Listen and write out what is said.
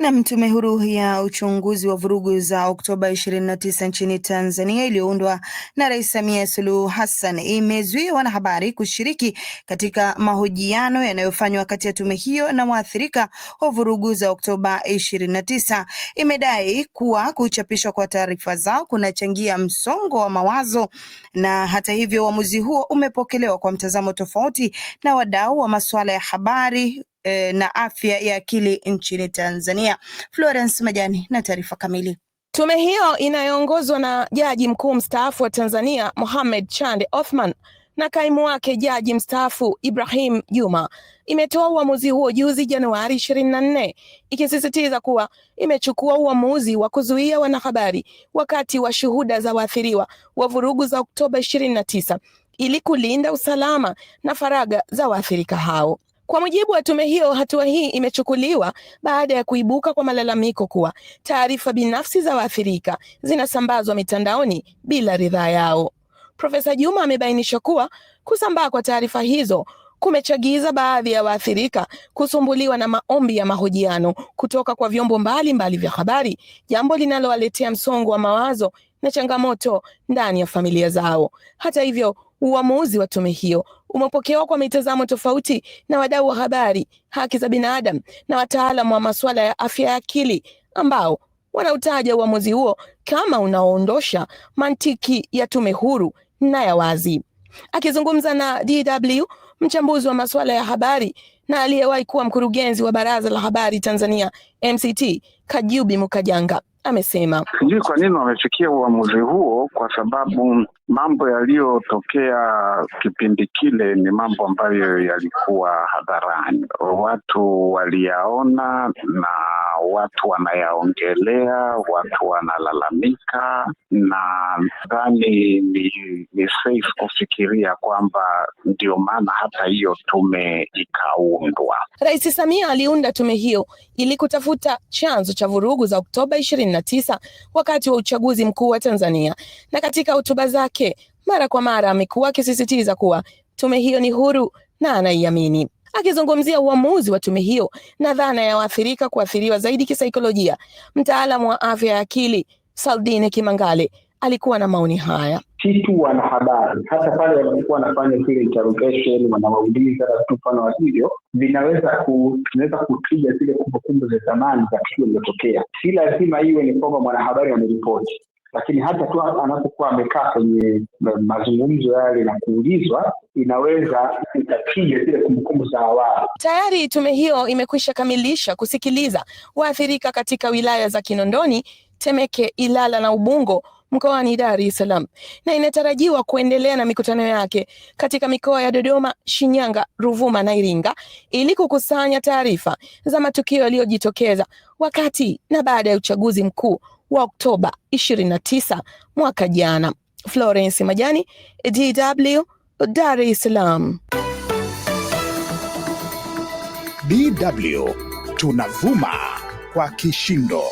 Nam. Tume huru ya uchunguzi wa vurugu za Oktoba 29 nchini Tanzania iliyoundwa na Rais Samia Suluhu Hassan imezuia wanahabari kushiriki katika mahojiano yanayofanywa kati ya tume hiyo na waathirika wa vurugu za Oktoba 29. Imedai kuwa kuchapishwa kwa taarifa zao kunachangia msongo wa mawazo, na hata hivyo uamuzi huo umepokelewa kwa mtazamo tofauti na wadau wa masuala ya habari Eh, na afya ya akili nchini Tanzania. Florence Majani na taarifa kamili. Tume hiyo inayoongozwa na jaji mkuu mstaafu wa Tanzania Mohamed Chande Othman na kaimu wake jaji mstaafu Ibrahim Juma imetoa uamuzi huo juzi Januari 24 ikisisitiza kuwa imechukua uamuzi wa kuzuia wanahabari wakati wa shuhuda za waathiriwa wa vurugu za Oktoba 29 ili kulinda usalama na faragha za waathirika hao. Kwa mujibu wa tume hiyo, hatua hii imechukuliwa baada ya kuibuka kwa malalamiko kuwa taarifa binafsi za waathirika zinasambazwa mitandaoni bila ridhaa yao. Profesa Juma amebainisha kuwa kusambaa kwa taarifa hizo kumechagiza baadhi ya waathirika kusumbuliwa na maombi ya mahojiano kutoka kwa vyombo mbalimbali mbali vya habari, jambo linalowaletea msongo wa mawazo na changamoto ndani ya familia zao. Hata hivyo Uamuzi wa tume hiyo umepokewa kwa mitazamo tofauti na wadau wa habari, haki za binadamu na wataalamu wa masuala ya afya ya akili ambao wanautaja uamuzi huo kama unaoondosha mantiki ya tume huru na ya wazi. Akizungumza na DW, mchambuzi wa masuala ya habari na aliyewahi kuwa mkurugenzi wa Baraza la Habari Tanzania MCT, Kajubi Mukajanga amesema. Sijui kwa nini wamefikia uamuzi huo, kwa sababu mambo yaliyotokea kipindi kile ni mambo ambayo yalikuwa hadharani, watu waliyaona na watu wanayaongelea, watu wanalalamika, na dhani ni, ni safe kufikiria kwamba ndio maana hata hiyo tume ikaundwa. Rais Samia aliunda tume hiyo ili kutafuta chanzo cha vurugu za Oktoba ishirini na tisa wakati wa uchaguzi mkuu wa Tanzania, na katika hotuba zake mara kwa mara amekuwa akisisitiza kuwa tume hiyo ni huru na anaiamini. Akizungumzia uamuzi wa tume hiyo na dhana ya waathirika kuathiriwa zaidi kisaikolojia, mtaalamu wa afya ya akili Saldine Kimangale alikuwa na maoni haya. Si tu wanahabari, hasa pale wanapokuwa wanafanya kile interrogation, wanawauliza mfano wa hivyo, vinaweza vinaweza kutija zile kumbukumbu za zamani za tukio lilotokea. Si lazima iwe ni kwamba mwanahabari ameripoti, lakini hata tu anapokuwa amekaa kwenye mazungumzo yale na kuulizwa, inaweza ikachija zile kumbukumbu za awali. Tayari tume hiyo imekwisha kamilisha kusikiliza waathirika katika wilaya za Kinondoni, Temeke, Ilala na Ubungo mkoani Dar es Salaam na inatarajiwa kuendelea na mikutano yake katika mikoa ya Dodoma, Shinyanga, Ruvuma na Iringa ili kukusanya taarifa za matukio yaliyojitokeza wakati na baada ya uchaguzi mkuu wa Oktoba 29 mwaka jana. Florence Majani, DW, Dar es Salaam. DW tunavuma kwa kishindo.